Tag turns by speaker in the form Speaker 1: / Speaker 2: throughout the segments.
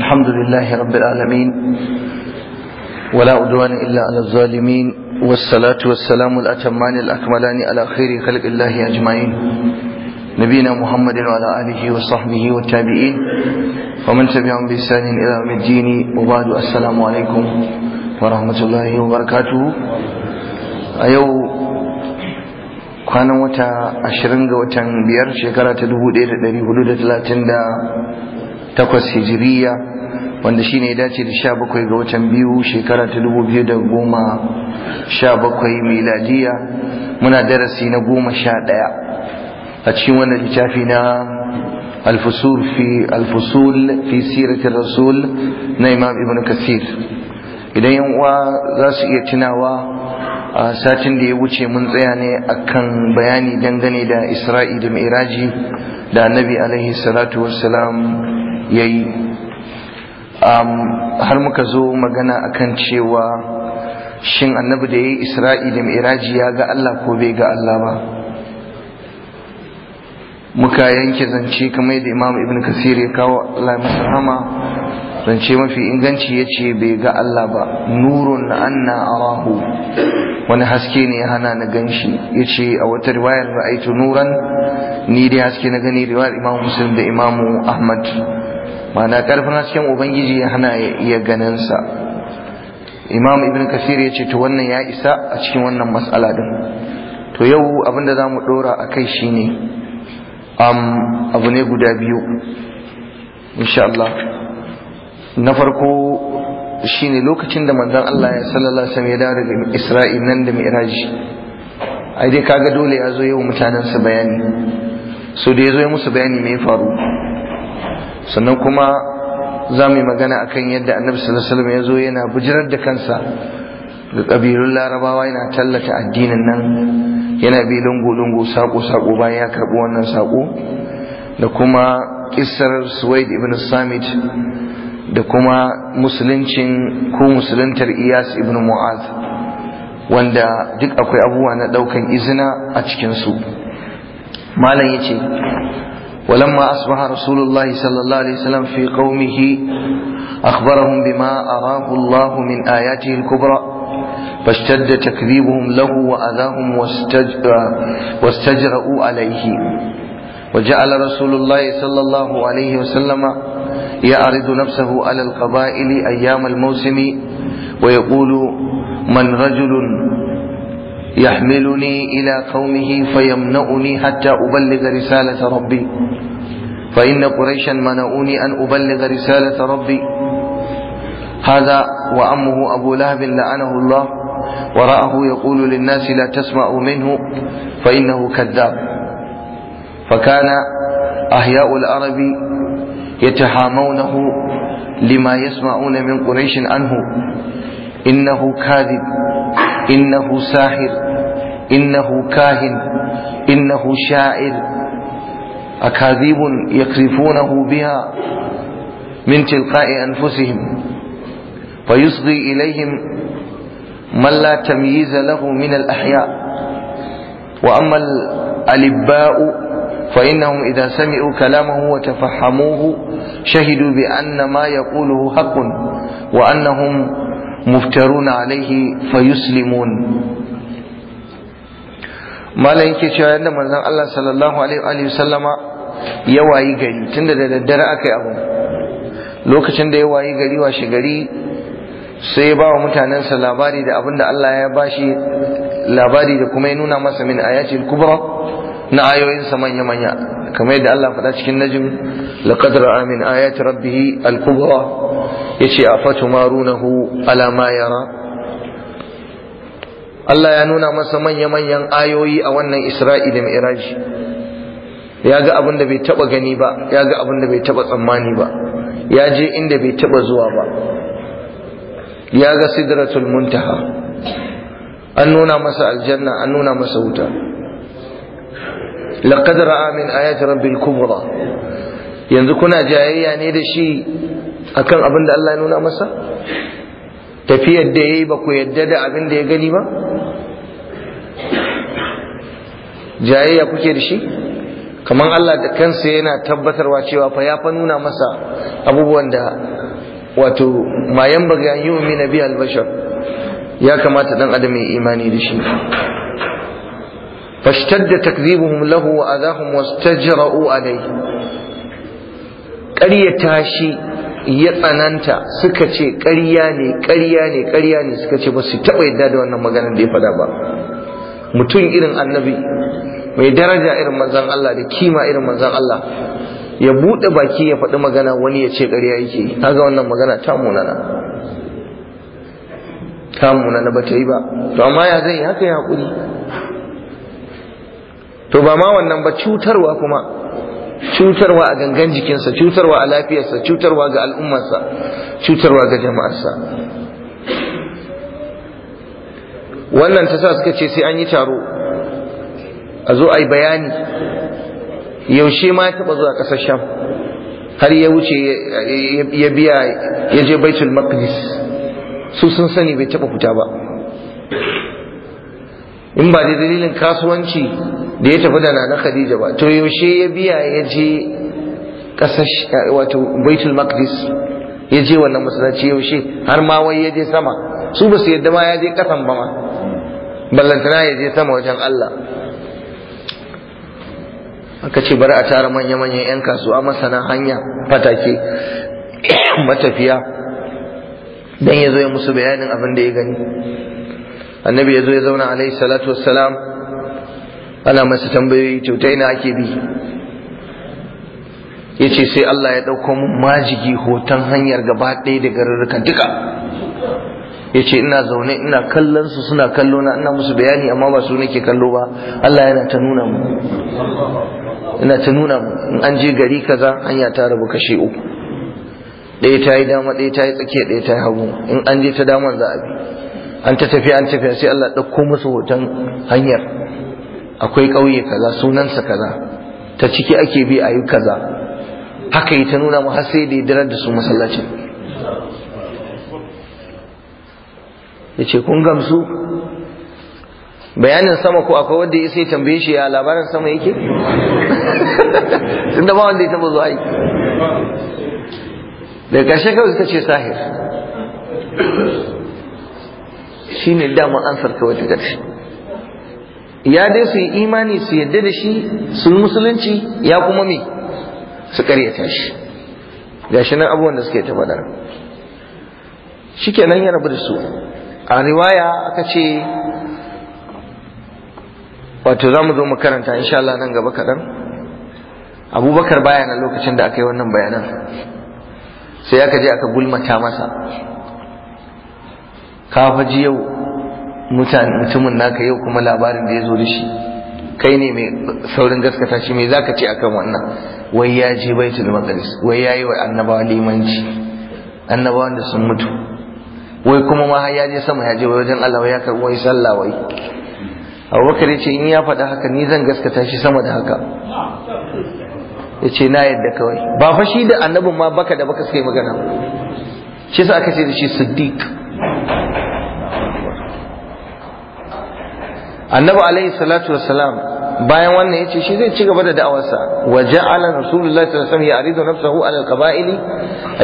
Speaker 1: الحمد لله رب العالمين ولا أدوان إلا على الظالمين والصلاة والسلام الأتمان الأكملان على خير خلق الله أجمعين نبينا محمد وعلى آله وصحبه والتابعين ومن تبعهم بإحسان إلى يوم الدين وبعد السلام عليكم ورحمة الله وبركاته أيوه kwanan wata ashirin ga watan biyar shekara ta dubu ɗaya da ɗari hudu da talatin da takwas hijiriya wanda shine ya dace da sha bakwai ga watan biyu shekara ta dubu biyu da goma sha bakwai miladiya muna darasi na goma sha ɗaya a cikin wannan littafi na alfusul fi alfusul fi rasul na imam ibn kasir idan yan uwa za su iya tunawa a satin da ya wuce mun tsaya ne akan bayani dangane da isra'i da miraji da annabi alaihi salatu Salam. ya yi har muka zo magana a kan cewa shin annabi da ya yi isra'i da ya ga Allah ko bai ga Allah ba muka yanke zance kamar da imam ibn kasir ya kawo Allah masa zance mafi inganci ya ce bai ga Allah ba nurun anna arahu wani haske ne ya hana na gan shi ya ce a wata riwayar ra'aitu nuran ni dai haske na gani riwayar imam muslim da imam ahmad mana karfin hasken ubangiji ya hana iya ganin sa imam ibn kasir ya ce to wannan ya isa a cikin wannan mas'ala din to yau abinda za dora a kai shine abu ne guda biyu insha Allah na farko shine lokacin da manzon Allah ya sallallahu alaihi wasallam ya dawo daga Isra'il nan da Mi'raj ai dai kaga dole ya zo yau mutanen sa bayani so da ya zo ya musu bayani me ya faru sannan kuma za mu yi magana a kan yadda annabi salasalam ya zo yana bujirar da kansa da ƙabilun larabawa yana tallata addinin nan yana bi lungu-lungu saƙo-saƙo bayan ya karɓi wannan saƙo da kuma ƙisar suwaid ibn samit da kuma musuluncin ko musuluntar iyas ibn mu'az wanda duk akwai abubuwa na ɗaukan izina a cikinsu malam ya ce ولما أصبح رسول الله صلى الله عليه وسلم في قومه أخبرهم بما أراه الله من آياته الكبرى فاشتد تكذيبهم له وأذاهم واستجرؤوا عليه وجعل رسول الله صلى الله عليه وسلم يعرض نفسه على القبائل أيام الموسم ويقول من رجل يحملني إلى قومه فيمنعني حتى أبلغ رسالة ربي فإن قريشا منعوني أن أبلغ رسالة ربي هذا وأمه أبو لهب لعنه الله ورآه يقول للناس لا تسمعوا منه فإنه كذاب فكان أحياء العرب يتحامونه لما يسمعون من قريش عنه إنه كاذب إنه ساحر إنه كاهن إنه شاعر أكاذيب يكرفونه بها من تلقاء أنفسهم فيصغي إليهم من لا تمييز له من الأحياء وأما الألباء فإنهم إذا سمعوا كلامه وتفهموه شهدوا بأن ما يقوله حق وأنهم مفترون عليه فيسلمون malam yake cewa yadda manzon Allah sallallahu alaihi wa sallama ya wayi gari tunda da daddare aka yi abu lokacin da ya wayi gari washe gari sai ya bawa mutanensa labari da abin da Allah ya bashi labari da kuma ya nuna masa min ayatul kubra na ayoyinsa manya-manya kamar yadda Allah faɗa cikin najm laqad ra'a min ayati rabbih al-kubra yace afatumarunahu ala ma yara Allah ya nuna masa manya-manyan ayoyi a wannan Isra'il da Mi'raj ya ga abin da bai taba gani ba ya ga abin da bai taba tsammani ba ya je inda bai taba zuwa ba ya ga sidratul muntaha an nuna masa aljanna an nuna masa wuta laqad ra'a min ayati rabbil kubra yanzu kuna jayayya ne da shi akan abin da Allah ya nuna masa tafiyar da yayi ba ku yadda da abin da ya gani ba jayayya kuke da shi kamar Allah da kansa yana tabbatarwa cewa fa ya fa nuna masa abubuwan da wato mayan baga yu'mina bi al-bashar ya kamata dan adam ya imani da shi فاشتد تكذيبهم له وأذاهم واستجرؤوا عليه قرية تاشي ya tsananta suka ce قرياني ne بس ne الداد ne suka ce فدابا متوين taɓa yadda da wannan maganar da ya faɗa ba mutum irin annabi mai daraja irin manzan Allah da kima irin manzan Allah ya buɗe baki ya faɗi magana wani ya ce ƙarya yake kaga wannan magana ta munana ta munana ba ta yi ba to amma ya zai haka ya haƙuri to ba ma wannan ba cutarwa kuma cutarwa a gangan jikinsa cutarwa a lafiyarsa cutarwa ga al'ummarsa cutarwa ga jama'arsa wannan ta sa suka ce sai an yi taro a zo a yi bayani yaushe ma ya taɓa zuwa ƙasar sham har ya wuce ya biya ya je baitul maqdis su sun sani bai taɓa fita ba in ba da dalilin kasuwanci da ya tafi da nana khadija ba to yaushe ya biya ya je kasar wato baitul maqdis ya je wannan masallaci yaushe har ma wai ya je sama su ba su yadda ma ya je kasan ba ma ballantana ya je sama wajen Allah aka ce bari a tara manya-manyan 'yan kasuwa masana hanya fatake matafiya Dan ya zo ya musu bayanin abin da ya gani annabi ya zo ya zauna alaihi salatu wassalam ana masa tambayoyi to ina ake bi ya ce sai Allah ya ɗauko mun majigi hoton hanyar gaba ɗaya da garurrukan duka ya ce ina zaune ina kallon su suna kallo na ina musu bayani amma ba su nake kallo ba Allah yana ta nuna mu ina ta nuna mu in an je gari kaza hanya ta rabu kashe uku ɗaya ta yi dama ɗaya ta yi tsakiya ɗaya ta yi hagu in an je ta daman za a bi an ta tafiya an tafiya sai Allah ɗauko musu hoton hanyar akwai ƙauye kaza sunansa kaza ta ciki ake bi a yi kaza haka yi ta nuna mu har sai da ya dirar da su masallacin ya ce kun gamsu bayanin sama ko akwai wanda ya sai tambaye shi ya labarin sama yake tun da ba wanda ya taba zuwa yi daga ƙarshe kawai suka ce sahir shine dama ansar kawai wata ƙarshe ya dai su yi imani su yadda da shi su musulunci ya kuma me su karyata shi Ga shi nan abubuwan da suke ta faɗa shikenan ya rabu da su a riwaya aka ce wato za mu zo mu karanta insha Allah nan gaba kaɗan abubakar baya na lokacin da aka yi wannan bayanan sai aka je aka gulmata masa kafaji yau mutumin naka yau kuma labarin da ya zo da shi kai ne mai saurin gaskata shi mai zaka ce akan wannan wai ya je baitul maqdis wai ya yi wa annabawa limanci annabawan da sun mutu wai kuma ma ya je sama ya je wajen Allah ya karɓi wai sallah wai Abubakar ya ce in ya faɗa haka ni zan gaskata shi sama da haka ya ce na yadda kawai ba fa shi da annabin ma baka da baka suka yi magana shi sa aka ce da shi siddiq annabi alaihi salatu wassalam bayan wannan yace shi zai ci gaba da da'awarsa wa ja'ala rasulullahi sallallahu alaihi wasallam ya'ridu nafsahu ala al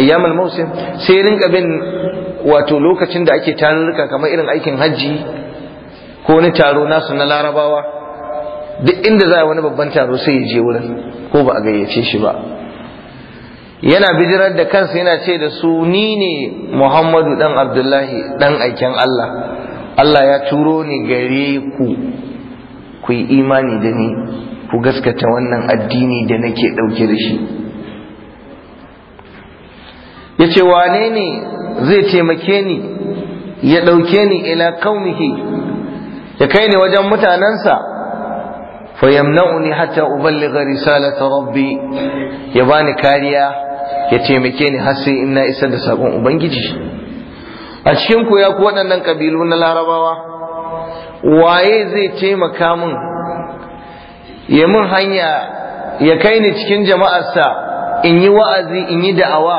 Speaker 1: ayyam al-mawsim sai rinka bin wato lokacin da ake tarurruka kamar irin aikin hajji ko na taro nasu na larabawa duk inda za a wani babban taro sai ya je wurin ko ba a gayyace shi ba yana bijirar da kansa yana ce da su ni ne muhammadu dan abdullahi dan aikin allah Allah ya turo ni gare ku ku yi imani da ni ku gaskata wannan addini da nake ɗauke da shi ya ce wane ne zai taimake ni ya ɗauke ni ila kaumihi ya kai ni wajen mutanensa fayamna'uni hatta Risala ta rabbi ya bani kariya ya taimake ni har sai ina isa da sabon ubangiji a cikin ku ya ku waɗannan ƙabilu na larabawa waye zai taimaka min ya min hanya
Speaker 2: ya kai ni cikin
Speaker 1: jama'arsa in yi wa'azi in yi da'awa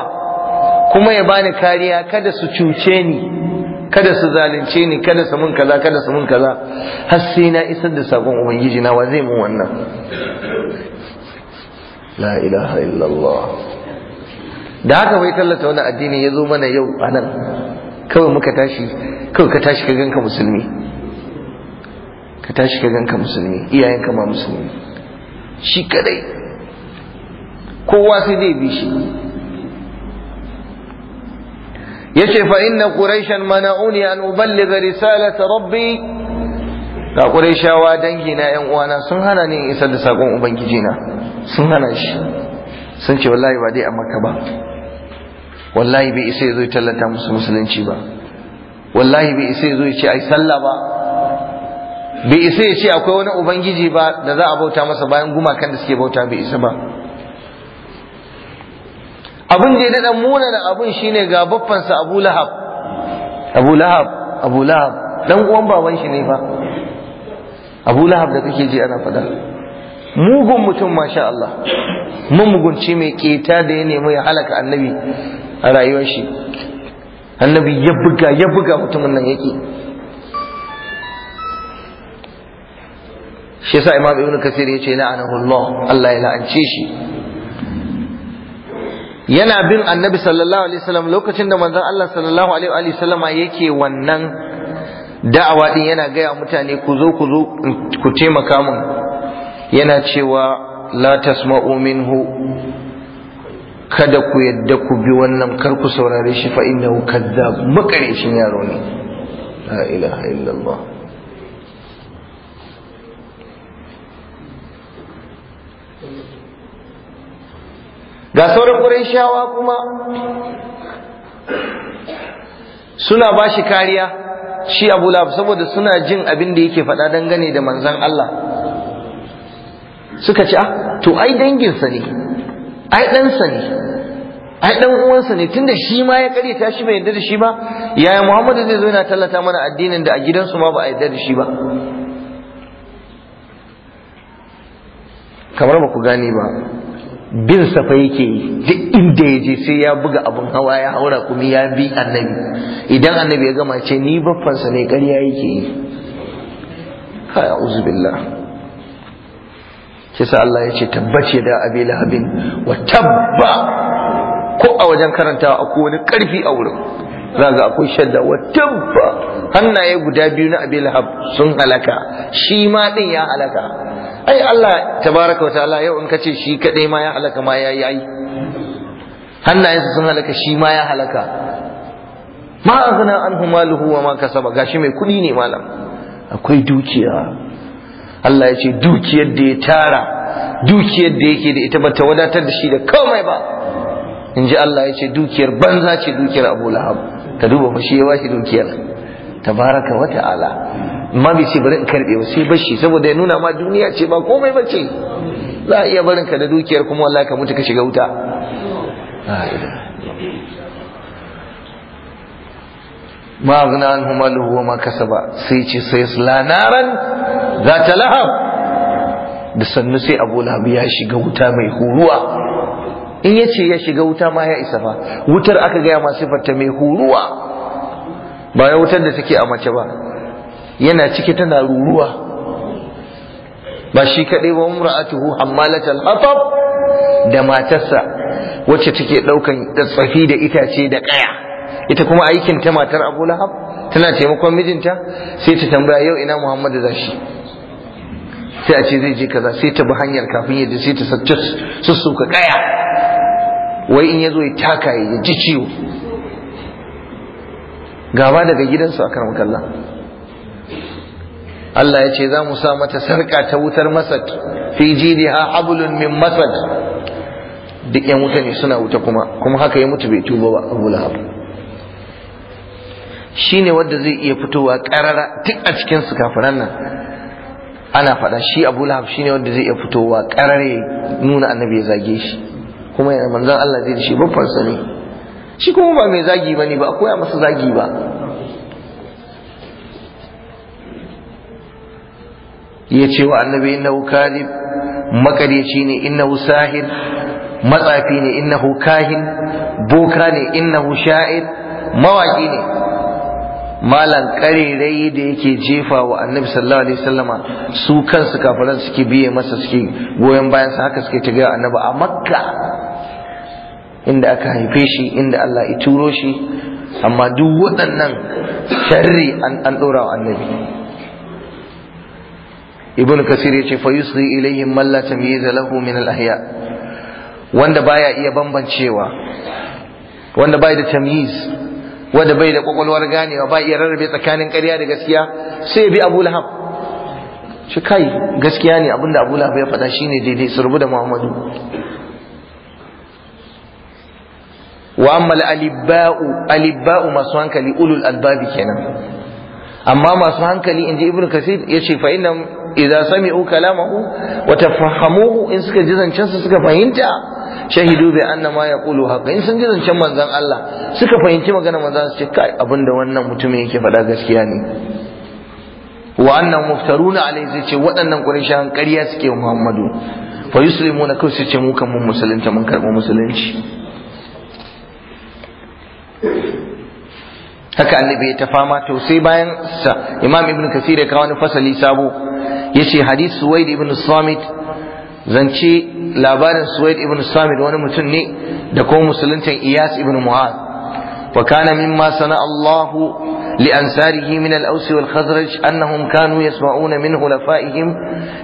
Speaker 1: kuma ya bani kariya kada su cuce ni kada su zalunce ni kada su mun kaza kada su mun kaza har sai na isar da sabon ubangiji na wa zai mun wannan la ilaha illallah da haka bai tallata wani addini ya zo mana yau a nan. kawai muka tashi kawai ka tashi ka ganka musulmi ka tashi ka ganka musulmi iyayenka ma musulmi shi kadai kowa sai dai bi shi yace fa inna quraishan mana'uni an uballigha risalata rabbi ga quraishawa na yan uwana sun hana ni in isar da sakon ubangijina sun hana shi sun ce wallahi ba dai a makka ba wallahi bai isa zo ya tallata musu musulunci ba wallahi bai isa zo ya ce ai sallah ba bai isa ya ce akwai wani ubangiji ba da za a bauta masa bayan gumakan da suke bauta bai isa ba abin da ya muna munanan abin shine ga baffansa abu lahab abu lahab abu lahab dan uwan baban shi ne fa abu lahab da kake ji ana faɗa mugun mutum masha Allah Mun mugunci mai keta da ya nemi ya halaka annabi a rayuwar shi annabi ya buga ya buga mutumin nan yake shi yasa imam ibnu kasir yace la'anahu Allah Allah ya la'ance shi yana bin annabi sallallahu alaihi wasallam lokacin da manzon Allah sallallahu alaihi sallama yake wannan da'awa din yana gaya mutane ku zo ku zo ku taimaka mun yana cewa la tasma'u minhu kada ku yadda ku bi wannan kar ku saurare shi fa innahu kadzab makarishin yaro ne la ilaha illallah ga sauran qurayshawa kuma suna ba shi kariya shi Abu lab saboda suna jin abin da yake faɗa dangane da manzon Allah suka ce ah to ai danginsa ne ai ɗansa ne ai ɗan uwansa ne tunda shi ma ya ta shi bai yarda da shi ba yaya Muhammadu zai zo yana tallata mana addinin da a gidansu ma ba a yarda da shi ba kamar ba ku gane ba bin safa yake duk inda ya je sai ya buga abin hawa ya haura kuma ya bi annabi idan annabi ya gama ce ni baffansa ne ƙarya yake yi ya uzu billah kisa Allah ya ce tabbace da abi lahabin wa tabba ko a wajen karantawa akwai wani karfi a wurin za ga akwai shadda wa tabba hannaye guda biyu na abi lahab sun halaka shi ma din ya halaka ai Allah tabaraka wa ta'ala yau in kace shi kadai ma ya halaka ma yayi ai hannaye sun halaka shi ma ya halaka ma aghna anhu maluhu wa ma kasaba gashi mai kudi ne malam akwai dukiya Allah ya ce dukiyar da ya tara dukiyar da yake da ita bata wadatar da shi da komai ba in ji Allah ya ce dukiyar banza ce dukiyar Abu Lahab ka duba ba shi ya washe dukiyar tabaraka wa ta'ala amma bai ce bari in karbe ba sai bashi saboda ya nuna ma duniya ce ba komai ba ce za a iya barinka da dukiyar kuma wallahi ka mutu ka shiga wuta ma aghna anhu wa kasaba sai ce sai yasla naran ta lahab da sannu sai Abu Lahab ya shiga wuta mai huruwa in yace ya shiga wuta ma ya isa fa wutar aka gaya ma fata mai huruwa ba ya wutar da take a mace ba yana ciki tana ruruwa ba shi kaɗai ba tuhu hammalatal hatab da matarsa wacce take ɗaukan tsafi da itace da ƙaya ita kuma aikin ta matar Abu Lahab tana taimakon mijinta sai ta tambaya yau ina Muhammad da shi sai a ce zai je kaza sai ta bi hanyar kafin ya sai ta su suka kaya wai in yazo ya taka ya ji ciwo gaba daga gidansu a karamar kalla Allah ya ce za mu sa mata sarka ta wutar masad fi ha hablun min masad duk yan wuta ne suna wuta kuma kuma haka ya mutu bai tuba ba Abu Lahab shine wanda zai iya fitowa ƙarara duk a cikin su kafiran nan ana faɗa shi Abu Lahab shine wanda zai iya fitowa ƙarare nuna annabi ya zage shi kuma yana manzon Allah zai shi babban sani shi kuma ba mai zagi bane ba akwai masa zagi ba ya ce wa annabi hu kadhib makaryaci ne innahu sahir matsafi ne hu kahin boka ne innahu sha'ir mawaki ne malan karerai da yake jefa wa annabi sallallahu alaihi wasallama su kansu kafiran suke biye masa suke goyon bayan sa haka suke ta ga annabi a makka inda aka haife shi inda Allah ya turo shi amma duk waɗannan sharri an an dora wa annabi ibnu kasir yace fa yusri ilaihim man la tamyiza lahu min al ahya wanda baya iya bambancewa wanda bai da tamyiz wanda bai da kwakwalwar ganewa ba iya rarrabe tsakanin ƙarya da gaskiya sai ya bi Abu Lahab shi kai gaskiya ne abinda Abu Lahab ya faɗa shine daidai su rubu da Muhammadu wa amma al-alibba'u alibba'u masu hankali ulul albabi kenan amma masu hankali inji ibnu kasir yace fa innam idza sami'u kalamahu wa tafahamuhu in suka ji zancensa suka fahimta shahidu bi anna ma yaqulu haqqa in sun ji zancen manzon Allah suka fahimci maganar manzon su ce kai abinda wannan mutumin yake faɗa gaskiya ne wa annan muftaruna alai zai ce waɗannan qurayshan ƙarya suke wa Muhammadu fa yuslimuna kawai su ce mu kan mun musulunta mun karɓo musulunci haka annabi ya ta fama to sai bayan sa imam ibn kasir ya kawo wani fasali sabo yace hadith suwaid ibn samit zance labarin suwaid ibn samid wani mutum ne da kuma musuluncin iyas ibn mu'ad wa kana mimma sana Allahu li ansarihi min al-aws wal khazraj annahum kanu yasma'una min hulafaihim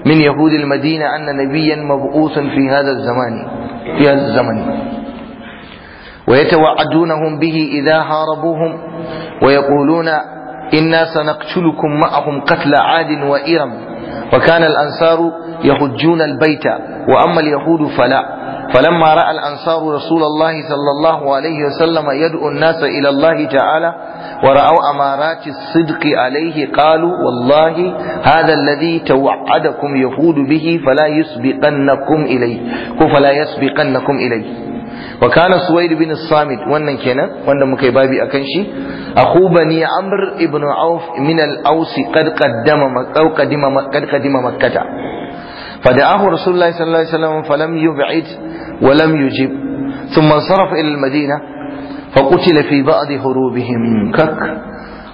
Speaker 1: min yahud al-madina anna nabiyyan mab'usan fi hadha az-zaman fi hadha az-zaman ويتوعدونهم به إذا هاربوهم ويقولون إنا سنقتلكم معهم قتل عاد وكان الأنصار يحجون البيت وأما اليهود فلا فلما رأى الأنصار رسول الله صلى الله عليه وسلم يدعو الناس إلى الله تعالى ورأوا أمارات الصدق عليه قالوا والله هذا الذي توعدكم يهود به فلا يسبقنكم إليه فلا يسبقنكم إليه wa kana suwaid bin samit wannan kenan wanda muka yi babi akan shi akhu bani amr ibn auf min al aus qad qaddama maqaw qadima qadima makkata sallallahu alaihi wasallam yub'id wa lam yujib thumma sarf ila al madina فقتل في بعض هروبهم كك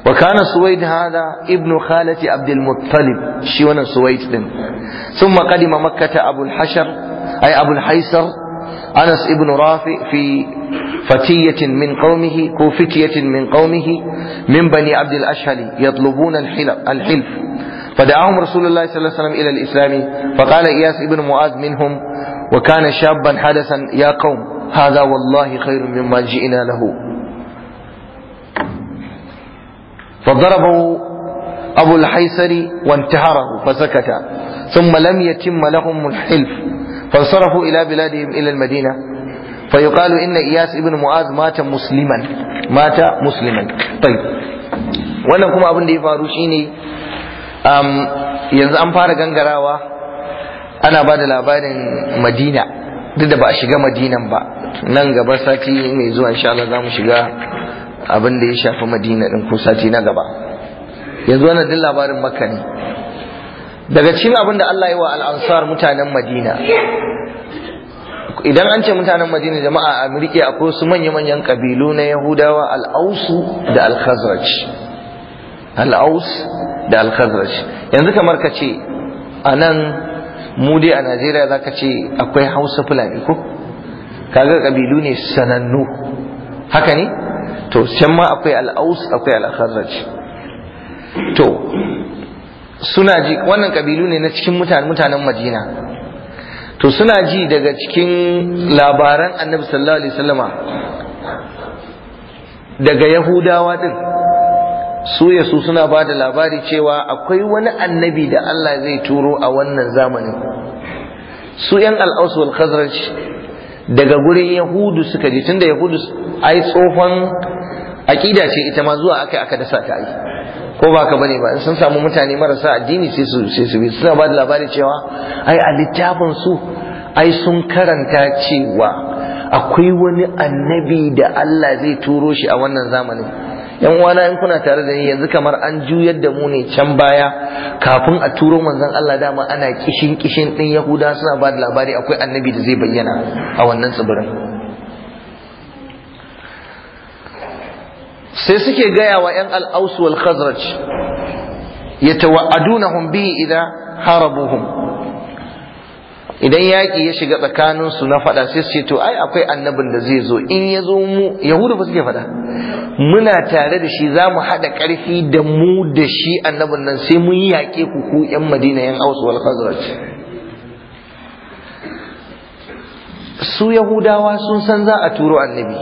Speaker 1: وكان سويد هذا ابن خالة عبد المطلب شيوان سويد أنس ابن رافع في فتية من قومه كوفتية من قومه من بني عبد الأشهل يطلبون الحلف فدعاهم رسول الله صلى الله عليه وسلم إلى الإسلام فقال إياس ابن معاذ منهم وكان شابا حدثا يا قوم هذا والله خير مما جئنا له فضربه أبو الحيسري وانتهره فسكت ثم لم يتم لهم الحلف فانصرفوا إلى بلادهم إلى المدينة فيقال إن إياس ابن معاذ مات مسلما مات مسلما طيب wannan kuma abin da ya faru shine um, yanzu an fara gangarawa ana ba da labarin madina duk ba a shiga madinan ba nan gaba sati mai zuwa insha Allah za mu shiga abin da ya shafi madina din ko sati na gaba yanzu wannan duk labarin makka ne daga cikin abin da Allah ya wa al'ansar mutanen Madina idan an ce mutanen Madina jama'a a Amurka akwai wasu manya-manyan kabilu na Yahudawa al'ausu da al-khazraj al'aus da al-khazraj yanzu kamar ka ce a nan mu a Najeriya za ka ce akwai Hausa Fulani ko kaga kabilu ne sanannu haka ne to can ma akwai al-aus akwai al-khazraj to suna ji wannan kabilu ne na cikin mutanen madina to suna ji daga cikin labaran annabi sallallahu alaihi wasallama daga yahudawa din su ya suna ba da labari cewa akwai wani annabi da Allah zai turo a wannan zamanin su yan al-Aws wal khazraj daga gurin yahudu suka ji tunda yahudu ai tsohon aƙida ce ita ma zuwa aka aka dasa ta ai ko ba ka bane ba in sun samu mutane marasa addini sai su sai su suna ba da labari cewa ai a littafin su ai sun karanta cewa akwai wani annabi da Allah zai turo shi a wannan zamanin yan uwana in kuna tare da ni yanzu kamar an juyar da mu ne can baya kafin a turo manzon Allah dama ana kishin kishin din Yahuda suna ba da labari akwai annabi da zai bayyana a wannan tsibirin sai suke gaya wa ‘yan al'aus wal khazraj ya tawa'adunahum bi idan harabuhum idan yaƙi ya shiga tsakaninsu na faɗa sai su ce to ai akwai annabin da zai zo in ya zo mu yahudu ba suke faɗa muna tare da shi za mu haɗa ƙarfi da mu da shi annabin nan sai mun yaƙe ku ku ‘yan madina ‘yan aus wal khazraj su yahudawa sun san za a turo annabi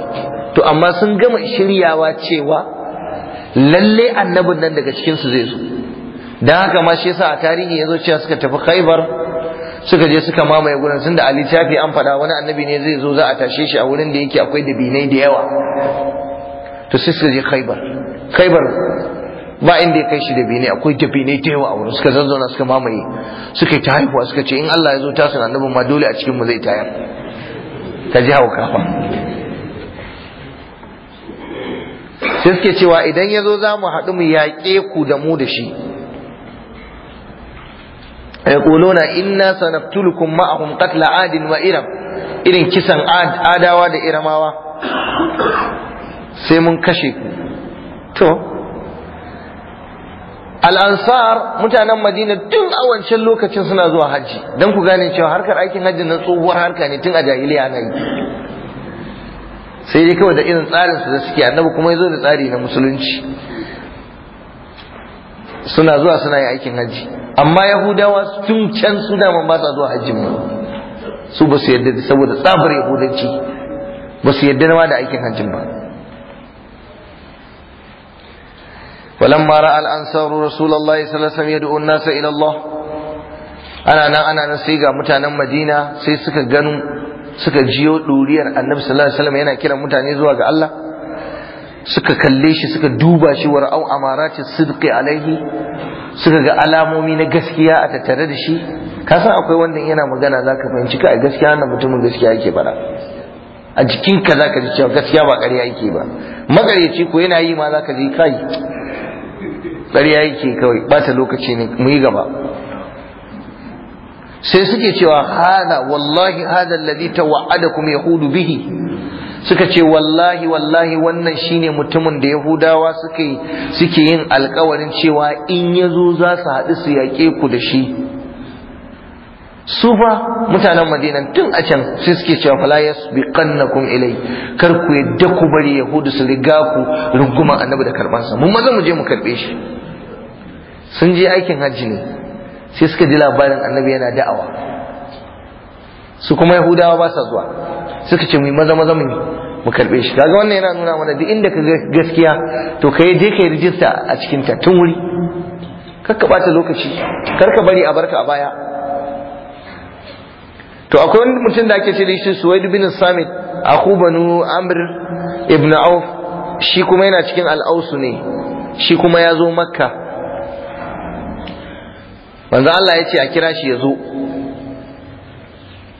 Speaker 1: to amma sun gama shiryawa cewa lalle annabin nan daga cikinsu zai zo don haka ma shi yasa a tarihi ya zo cewa suka tafi khaibar suka je suka mamaye gurin tunda ali tafi an faɗa wani annabi ne zai zo za a tashe shi a wurin da yake akwai dabinai da yawa to sai suka je khaibar khaibar ba inda ya kai shi da akwai dabinai ta yawa a wurin suka zazzauna suka mamaye suka yi ta haihuwa suka ce in Allah ya zo tasin annabin ma dole a cikin mu zai tayar ka ji hauka fa sai suke cewa idan ya zo za mu haɗu mu yaƙe ku da mu da shi yaquluna inna sanaftulukum ma'ahum qatla adin wa iram irin kisan adawa da iramawa sai mun kashe ku to al'ansar mutanen madina tun a wancan lokacin suna zuwa hajji don ku gane cewa harkar aikin hajji na tsohuwar harka ne tun a jahiliya na yi sai dai kawai da irin tsarin su da suke annabi kuma ya zo da tsari na musulunci suna zuwa suna yi aikin hajji amma yahudawa tun can su daman ba sa zuwa hajji mu su ba su yarda saboda tsabar yahudanci ba su yarda na da aikin hajjin ba فلما راى الانصار رسول الله صلى الله عليه وسلم يدعو الناس الى الله ana nan ana nan sai ga mutanen Madina sai suka gano suka jiyo duriyar Annabi sallallahu alaihi wasallam yana kiran mutane zuwa ga Allah suka kalle shi suka duba shi wa ra'au amarati sidqi alaihi suka ga alamomi na gaskiya a tattare da shi ka san akwai wanda yana magana zaka fahimci kai gaskiya wannan mutumin gaskiya yake bara a jikinka zaka ji cewa gaskiya ba ƙarya yake ba Magareci ko yana yi ma zaka ji kai ya yi ke kawai bata lokaci ne mu yi gaba sai suke cewa hada wallahi hada kuma tawa'adakum yahudu bihi suka ce wallahi wallahi wannan shine mutumin da yahudawa suke yin alkawarin cewa in yazo za su haɗu su yaƙe ku da shi sufa mutanen madina tun a can sai suke cewa fala yasbiqannakum ilai kar ku yadda ku bari yahudu su riga ku runguma annabi da karban sa mun maza mu je mu karbe shi sun je aikin hajji ne sai suka ji labarin annabi yana da'awa su kuma yahudawa ba sa zuwa suka ce mu maza maza mu mu karbe shi kaga wannan yana nuna mana duk inda ka gaskiya to kai je kai rijista a cikin ta tun wuri kar ka bata lokaci kar ka bari a barka a baya to akwai wani mutum da ake ce da shi suwaid bin samit aku banu amr ibn auf shi kuma yana cikin al'ausu ne shi kuma ya zo makka Wanzan Allah ya ce a kira shi ya zo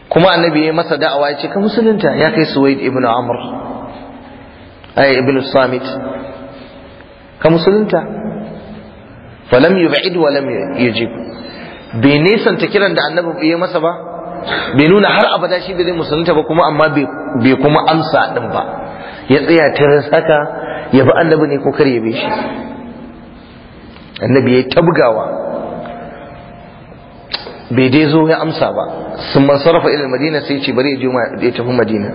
Speaker 1: kuma annabi ya masa da'awa ya ce ka musulunta ya kai suwaid ibn amr ay ibn samit ka musulunta falam yub'id wa lam yujib bai nisan ta kiran da annabi ya masa ba bai nuna har abada shi bai zai musulunta ba kuma amma bai kuma amsa din ba ya tsaya ta saka ya bi annabi ne ko kar ya bi shi annabi ya tabgawa bai dai zo ya amsa ba sun man sarrafa ilil madina sai ce bari ya tafi madina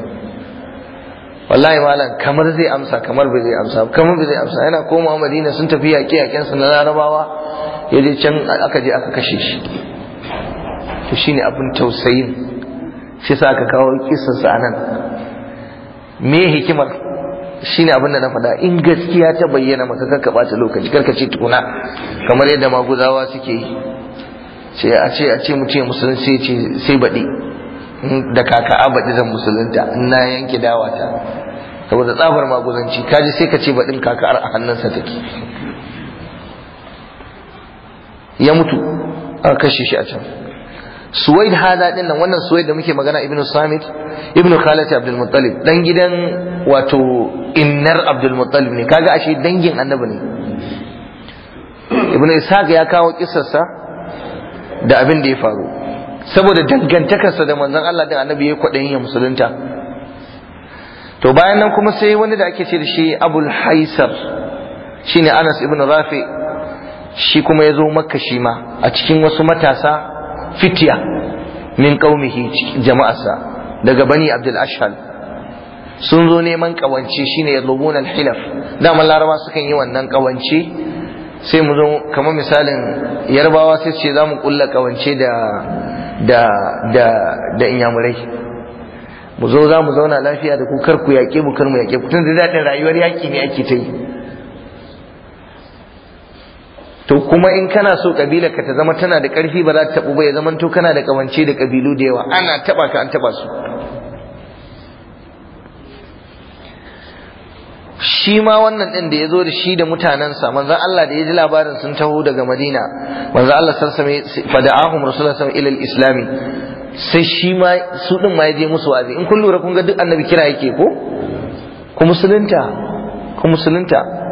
Speaker 1: wallahi malam kamar zai amsa kamar bai zai amsa kamar bai zai amsa yana komawa madina sun tafi yaƙe yaƙensu na larabawa ya je can aka je aka kashe shi to shine abin tausayin shi sa aka kawo kisarsa sa nan me hikimar shine abin da na faɗa in gaskiya ta bayyana maka karka bata lokaci karka ce tukuna kamar yadda maguzawa suke yi ce a ce a ce mutum ya musulunci ce sai baɗi da kaka a baɗi zan musulunta na yanke dawata saboda tsabar maguzanci kaji sai ka ce baɗin kaka'ar a hannunsa take ya mutu aka kashe shi a can suwaid hada din nan wannan suwaid da muke magana ibnu samit ibnu khalat abdul muttalib dan gidan wato innar abdul muttalib ne kaga ashe dangin annabi ne ibnu ishaq ya kawo kissarsa da abin da ya faru saboda dangantakarsa da manzon Allah din annabi ya kwadayin ya musulunta to bayan nan kuma sai wani da ake ce da shi abul haisar shine anas ibnu rafi shi kuma ya zo makka shi ma a cikin wasu matasa fitiya min qaumihi jama'arsa daga bani abdul Ashal sun zo neman kawance shine yadlubuna al-hilaf dama laraba sukan yi wannan kawance sai mu zo kamar misalin yarbawa sai ce za mu kulla kawance da da da da inyamurai mu zo za zauna lafiya da ku kar ku yaƙe mu kar mu yaƙe tun da daɗin rayuwar yaƙi ne ake ta yi to kuma in kana so kabila ka ta zama tana da ƙarfi ba za ta tabu ba ya zama to kana da kawance da kabilu da yawa ana taba ka an taba su shi ma wannan ɗin da ya zo da shi da mutanensa manzan Allah da ya ji labarin sun taho daga Madina manzan Allah sarsame fada'ahum rasulullah sallallahu alaihi islami sai shi ma su ɗin ma ya je musu wazi in kun lura kun ga duk annabi kira yake ko ku musulunta ku musulunta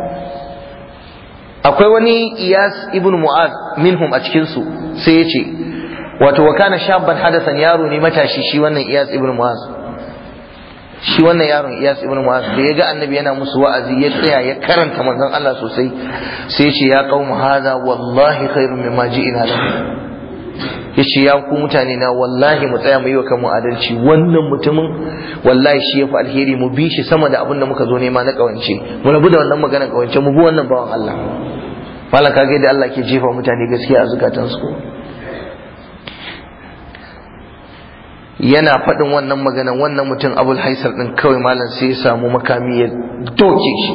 Speaker 1: akwai wani iyas ibn mu'ad minhum a cikin su sai ya ce wato wa kana shabban hadasan yaro ne matashi shi wannan iyas ibn mu'ad shi wannan yaron iyas ibn mu'ad. da ya ga annabi yana musu wa'azi ya tsaya ya karanta manzon Allah sosai sai ya ce ya qaumu hadha wallahi khairun mimma ji'ina lahu ya ce ya ku mutane na wallahi mu tsaya mu yi wa kanmu adalci wannan mutumin wallahi shi ya fi alheri mu bi shi sama da abin da muka zo nema na kawance mu rabu da wannan maganar kawance mu bi wannan bawan Allah malam kage da Allah ke jefa mutane gaskiya a zukatansu yana faɗin wannan magana wannan mutum abul haisar ɗin kawai malam sai ya samu makami ya doke shi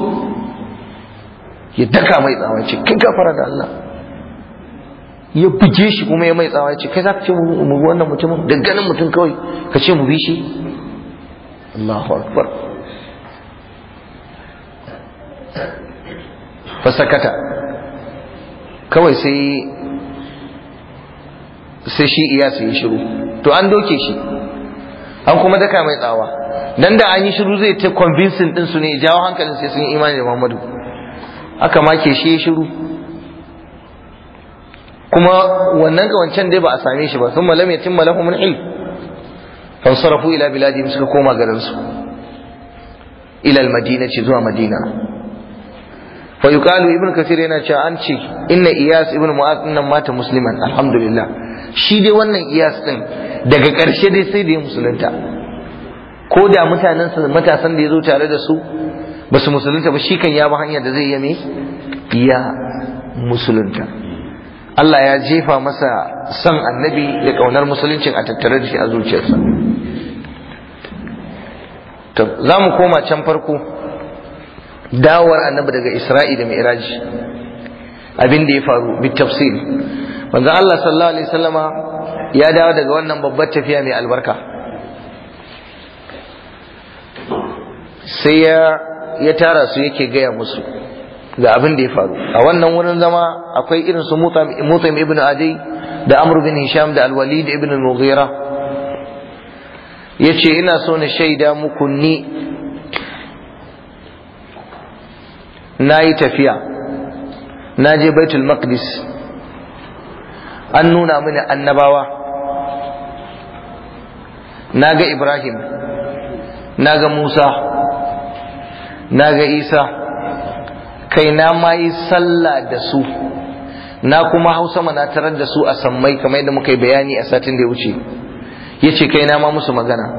Speaker 1: ya daka mai tsawa ce kai gafara da Allah ya buge shi kuma ya mai tsawa kai za ka ce mu wannan mutumin da ganin mutum kawai ka ce mu bi shi Allahu akbar fasakata kawai sai sai shi su yi shiru to an doke shi an kuma daka mai tsawa dan da an yi shiru zai ta convincing din su ne jawo hankalin sai sun yi imani da Muhammadu aka make shi shiru kuma wannan ga wancan dai ba a same shi ba sun lam yatimma lahum al-ilm fansarafu ila biladi suka koma garin su ila al-madinati zuwa madina fa yuqalu ibnu kasir yana cewa an ce inna iyas ibnu mu'adh nan mata musliman alhamdulillah shi dai wannan iyas din daga ƙarshe dai sai da ya musulunta ko da mutanen matasan da ya zo tare da su ba su musulunta ba shi kan ya ba hanyar da zai yame ya musulunta Allah ya jefa masa son annabi da ƙaunar musuluncin a tattare da shi a zuciyarsa za mu koma can farko dawar annabi daga isra'i da mi'raj abin da ya faru bi tafsil manzo Allah sallallahu alaihi wasallama ya dawo daga wannan babbar tafiya mai albarka sai ya tara su yake gaya musu ga abin da ya faru a wannan wurin zama akwai irin su mutam ibnu adi da amr bin hisham da alwalid ibn al-mughira yace ina so na shaida muku ni na yi tafiya na je baitul maqdis an nuna mini annabawa na ga ibrahim na ga musa na ga isa kai na ma yi sallah da su na kuma Hausa mana tarar da su a sammai kamar yadda muka yi bayani a satin da ya wuce ya ce kai na ma musu magana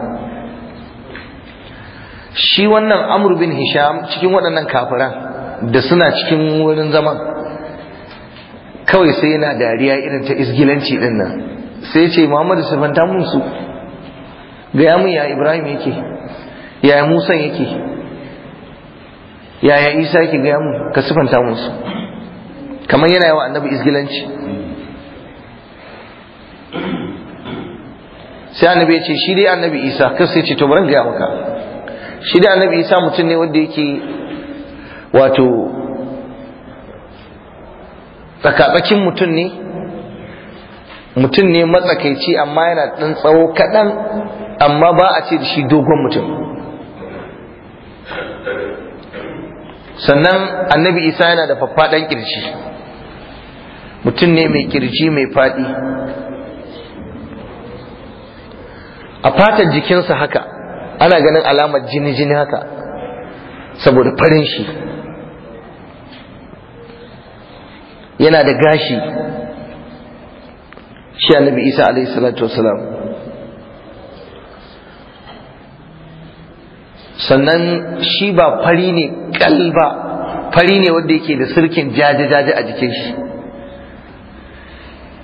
Speaker 1: shi wannan amur bin hisham cikin waɗannan kafiran da suna cikin wurin zaman kawai sai yana dariya irin ta isgilanci din nan sai ce Muhammadu sifanta mun su ga mun ya Ibrahim yake ya Musa yake ya ya Isa yake ga mun ka sifanta mun su kamar yana yawa annabi isgilanci sai annabi ya ce shi dai annabi Isa kar sai ce to bari ga maka shi dai annabi Isa mutum ne wanda yake wato tsakatsakin mutum ne mutum ne matsakaici amma yana ɗan tsawo kaɗan amma ba a ce da shi dogon mutum sannan annabi isa yana da faffaɗan kirji mutum ne mai kirji mai faɗi a fatan jikinsa haka ana ganin alamar jini-jini haka saboda farin shi yana da gashi shi annabi isa alaihi salatu wasalam sannan shi ba fari ne kalba fari ne wanda yake da sirkin jaje-jaje a jikin shi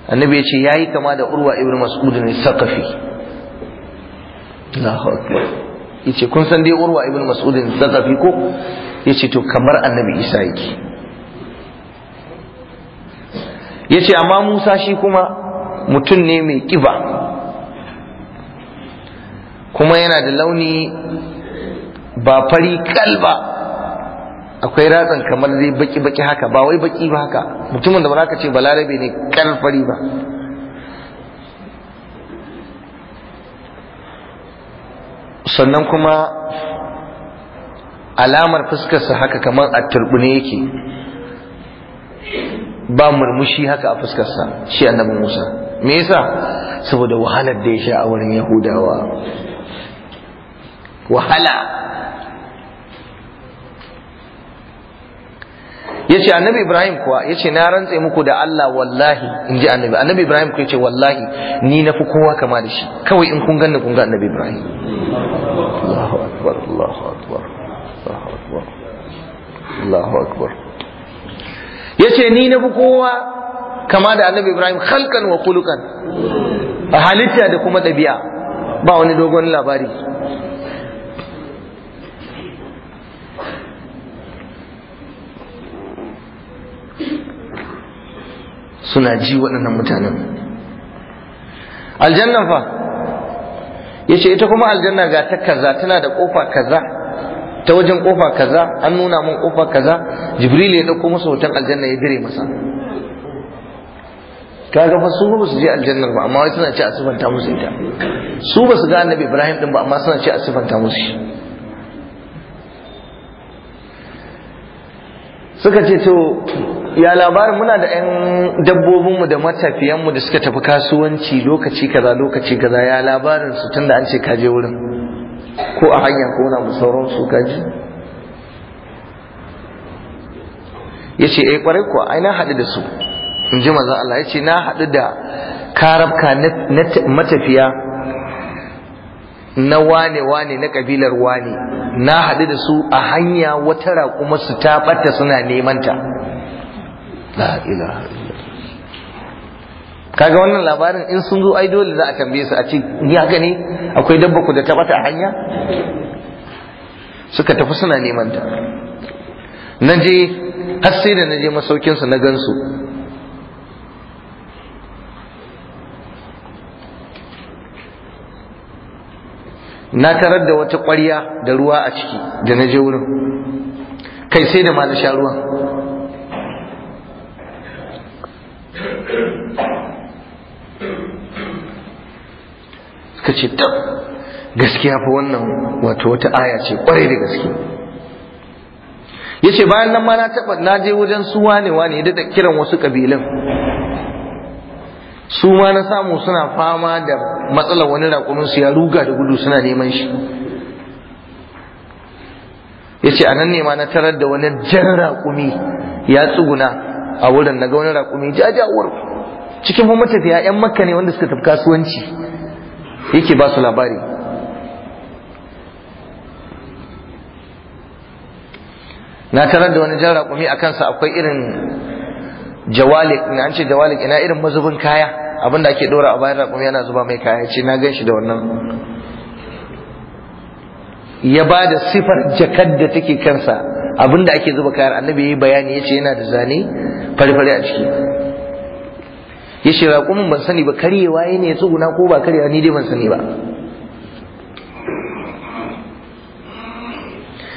Speaker 1: annabi ya ce ya yi kama da urwa ibn mas'ud ne sakafi ya ce kun san dai urwa ibn mas'ud ne sakafi ko ya ce to kamar annabi isa yake ya ce amma musa shi kuma mutum ne mai ƙiba kuma yana da launi ba fari kalba akwai ratsan kamar zai baki-baki haka ba wai baki ba haka mutumin da ba ka ce balarabe ne kalfari ba sannan kuma alamar fuskarsa haka kamar a turbine yake ba murmushi haka a fuskarsa shi annabi Musa me yasa saboda wahalar da ya sha a wurin Yahudawa wahala yace annabi Ibrahim kuwa yace na rantse muku da Allah wallahi inji annabi annabi Ibrahim kuwa yace wallahi ni nafi kowa kama da shi kawai in kun ganna kun ga annabi Ibrahim Allahu akbar Allahu akbar Allahu akbar Allahu akbar yace ni na bi kowa kama da annabi ibrahim halkan wa kulukan, a halitta da kuma ɗabi'a ba wani dogon labari suna ji waɗannan mutanen aljannan fa ya ita kuma aljanna ga ta kaza tana da ƙofa kaza ta wajen kofa kaza an nuna mun kofa kaza jibril ya dauko masa hoton aljanna ya dire masa kaga fa su ba su je Aljanna ba amma suna ci a sifanta musu ita su ba su ga annabi ibrahim din ba amma suna ci a sifanta musu suka ce to ya labarin muna da yan dabbobinmu da matafiyanmu da suka tafi kasuwanci lokaci kaza lokaci kaza ya labarin su tunda an ce kaje wurin ko a hanya ko na musauran su kaji ya ce eh kwarai kuwa ai na haɗu da su in ji maza Allah ya ce na haɗu da karabka na matafiya na wane-wane na kabilar wane na haɗu da su a hanya wata raƙuma su ta ɓata suna neman ta la ilaha kaga wannan labarin in sun zo ai dole za a tambaye su a ce ya gani akwai dabba ku da ta bata hanya suka tafi suna neman ta na je har sai da na je masaukin su na gansu na tarar da wata ƙwarya da ruwa a ciki da na je wurin kai sai da ma na sha ruwan suka ce ta gaskiya fa wannan wato wata aya ce kwarai da gaske Ya ce bayan nan ma na taba na je wajen su wane wane da kiran wasu kabilan su ma na samu suna fama da matsalar wani rakumin su ya ruga da gudu suna neman shi Ya yace nan ne ma na tarar da wani jan rakumi ya tsuguna a wurin na ga wani rakumi jajawar cikin kuma matafiya 'yan makka ne wanda suka tafi kasuwanci yake ba su labari na tarar da wani jan raƙumi a kansa akwai irin jawalik na an ce jawalik ina irin mazubin kaya abinda ake ɗora a bayan raƙumi yana zuba mai kaya ce na gan shi da wannan ya ba da sifar jakar da take kansa abinda ake zuba kayan annabi ya yi bayani ya ce yana da zane fari-fari a ciki ya ce kuma ban sani ba karyewa ya ne tsuguna ko ba karyewa ni dai ban sani ba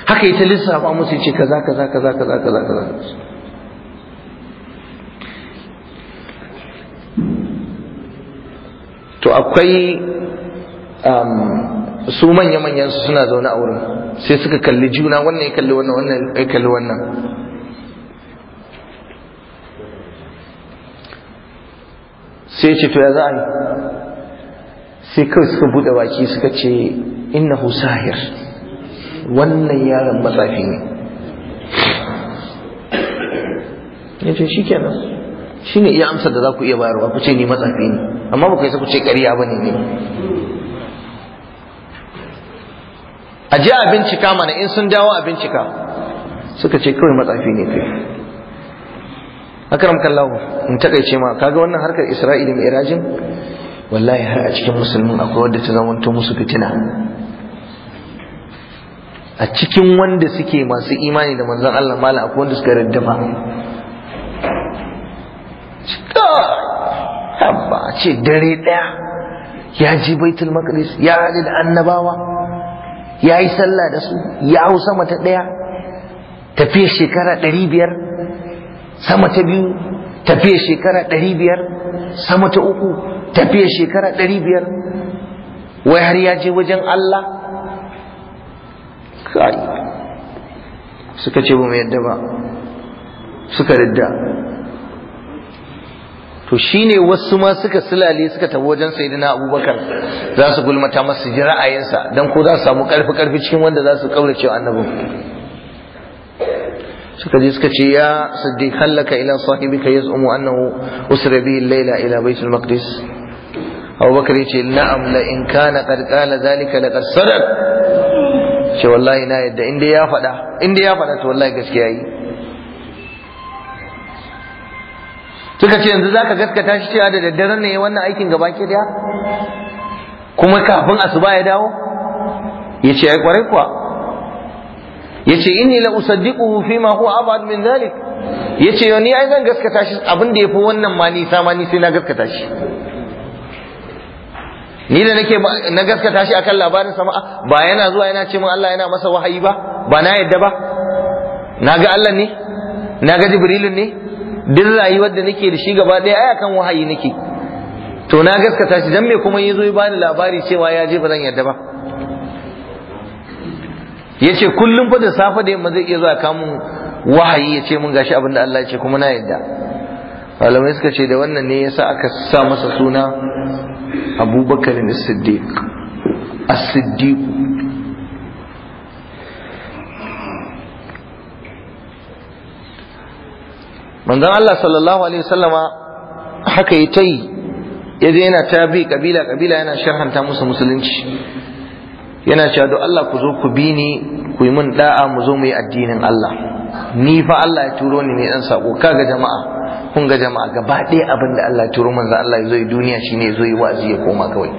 Speaker 1: haka ita lissafa musu ce kaza kaza kaza kaza kaza za to akwai um, su manya-manyan su suna zaune a wurin sai suka kalli juna wannan ya kalli wannan wannan ya kalli wannan sai ce to ya za a yi sai kawai suka buɗe baki suka ce innahu sahir wannan yaron matsafi ne ya ce shi kenan shi ne iya amsar da za ku iya bayarwa ku ce ni matsafi ne amma ba kai yi ku ce ƙarya ba ne ne a je a bincika mana in sun dawo a bincika suka ce kawai matsafi ne kai akram kallahu in takaice ma kaga wannan harkar isra'ila mai irajin wallahi har a cikin musulmin akwai wanda ta zamanto musu fitina a cikin wanda suke masu imani da manzon Allah malam akwai wanda suka raddafa cika Abba ce dare daya ya ji baitul maqdis ya haɗu da annabawa ya yi sallah da su ya hau sama ta daya tafiya shekara ɗari biyar sama ta biyu tafiya shekara ɗari biyar sama ta uku tafiya shekara ɗari biyar wai har ya je wajen Allah kai suka ce ba yadda ba suka ridda to shine wasu ma suka silale suka tabi wajen dina abubakar za su gulmata masu ji ra'ayinsa don ko za su samu karfi karfi cikin wanda za su kaurace annabin suka je suka ce ya siddiq hallaka ila sahibika yaz'umu annahu usra bihi al-laila ila bayt al-maqdis Abu Bakar yace na'am la in kana qad qala zalika laqad sadaq ce wallahi na yadda inda ya faɗa inda ya faɗa to wallahi gaskiya yi suka ce yanzu zaka gaskata shi cewa da daddaren ne wannan aikin gaba ke daya kuma kafin asuba ya dawo yace ai kwarai kuwa yace inni la usaddiquhu ma huwa abad min dhalik yace ni ai zan gaskata shi abin da yafi wannan ma nisa ma ni sai na gaskata shi ni da nake na gaskata shi akan labarin sama ba yana zuwa yana ce min Allah yana masa wahayi ba ba na yadda ba na ga Allah ne na ga Jibrilun ne duk rayuwar da nake da shi gaba ɗaya ai akan wahayi nake to na gaskata shi dan me kuma yazo ya bani labari cewa ya je ba zan yadda ba ya ce kullum fa da safe da yamma zai iya zuwa kamun wahayi ya ce mun gashi abin da Allah ya ce kuma na yadda malamai suka ce da wannan ne yasa aka sa masa suna abubakar siddiq as-siddiq manzon Allah sallallahu alaihi wasallama haka yi ta yi ya yana ta bi kabila kabila yana sharhanta musu musulunci yana cewa don Allah ku zo ku bi ni ku yi min da'a mu zo mu yi addinin Allah ni fa Allah ya turo ni ne dan sako kaga jama'a kun ga jama'a gaba ɗaya abin da Allah ya turo manzo Allah ya zo yi, duniya shine ya zo yi wa'azi ya koma kawai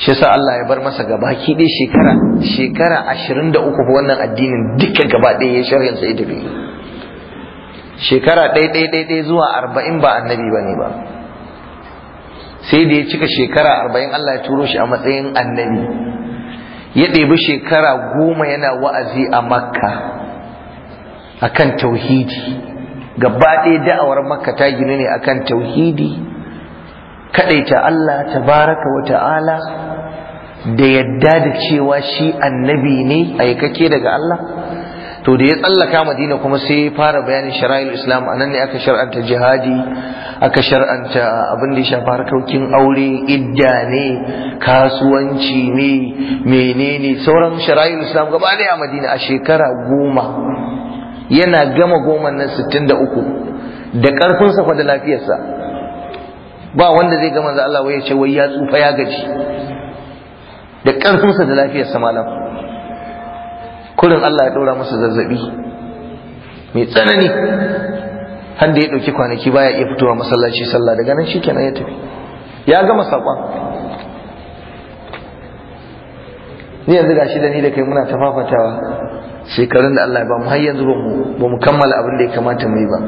Speaker 1: shi yasa Allah ya bar masa gaba ki dai shekara shekara 23 ko wannan addinin duka gaba ɗaya ya sharhin sai tafi shekara ɗaya ɗaya ɗaya zuwa 40 ba annabi bane ba, ne ba. sai da ya cika shekara arba'in Allah ya turo shi a matsayin annabi ya ɗebi shekara goma yana wa'azi a makka akan tauhidi gaba ɗaya da'awar makka ta gina ne akan tauhidi kaɗaita Allah tabaraka wa ta'ala da yadda da cewa shi annabi ne aikake daga Allah to da ya tsallaka madina kuma sai ya fara bayanin shara'il islam a nan ne aka shar'anta jihadi aka shar'anta abin da ya shafa harkokin aure idda ne kasuwanci ne menene sauran shara'il islam gaba ne a madina a shekara goma yana gama goma nan sittin da uku da ƙarfinsa fa da lafiyarsa ba wanda zai gama za Allah wai ya ce wai ya tsufa ya gaji da ƙarfinsa da lafiyarsa malam kurin Allah ya ɗora masa zazzabi mai tsanani har ya ɗauki kwanaki baya iya fitowa masallaci sallah daga nan shikenan ya tafi ya gama saƙon ni yanzu gashi da ni da kai muna tafafatawa shekarun da Allah ya ba mu har yanzu ba mu kammala abin da ya kamata mu yi ba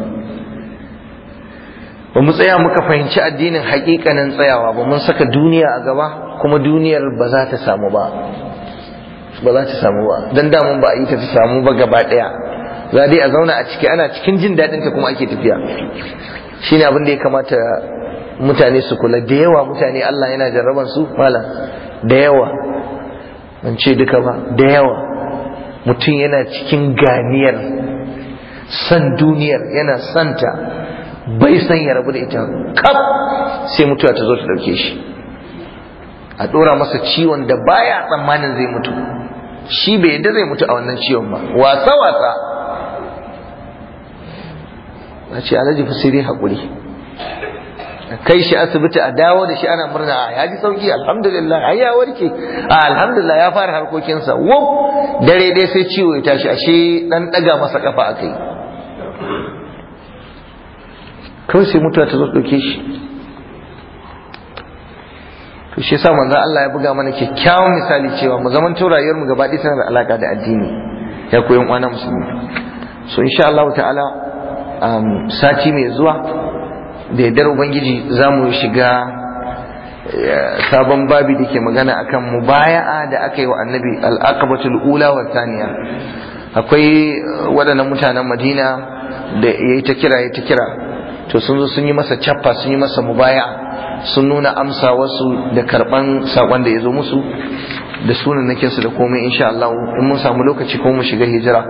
Speaker 1: ba mu tsaya muka fahimci addinin hakikanin tsayawa ba mun saka duniya a gaba kuma duniyar ba za ta samu ba ba za ta samu ba dan mun ba a yi ta ta samu ba gaba daya za dai a zauna a ciki ana cikin jin daɗin ta kuma ake tafiya shine abin da ya kamata mutane su kula da yawa mutane Allah yana jarraban su malam da yawa ban ce duka ba da yawa mutum yana cikin ganiyar san duniyar yana santa bai san ya rabu da ita kaf sai mutuwa ta zo ta dauke shi a dora masa ciwon da baya tsammanin zai mutu shi bai yadda zai mutu a wannan ciwon ba wasa wasa na ce alhaji fa sai dai haƙuri kai shi asibiti a dawo da shi ana murna a ya ji sauki alhamdulillah ai ya warke a alhamdulillah ya fara harkokinsa wuf dare dai sai ciwo ya tashi ashe ɗan ɗaga masa kafa akai kawai sai mutuwa ta zo ɗauke shi to shi yasa manzon Allah ya buga mana kyakkyawan misali cewa mu zaman to rayuwar mu gaba tana da alaka da addini ya koyon uwana musulmi so insha Allah ta'ala um, sati mai zuwa da yardar ubangiji za mu shiga eh, sabon babi da ke magana akan mubaya'a da aka yi wa annabi al'aqabatul ula wa thaniya akwai uh, waɗannan mutanen madina da ya yi ta kira ya ta kira to sun zo sun yi masa cappa sun yi masa mubaya'a sun nuna amsa wasu da karban saƙon da ya zo musu da sunan nake su da komai insha Allah in mun samu lokaci ko mu shiga hijira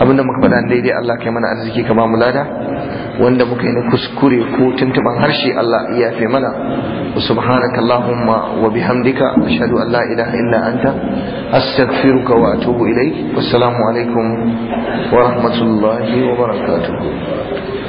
Speaker 1: abinda muka faɗa daidai Allah kai mana arziki ka ba lada wanda muka yi na kuskure ko tuntuban harshe Allah ya fi mana subhanakallahumma wa bihamdika ashhadu an la ilaha illa anta astaghfiruka wa atubu ilayk wassalamu alaikum wa rahmatullahi wa barakatuh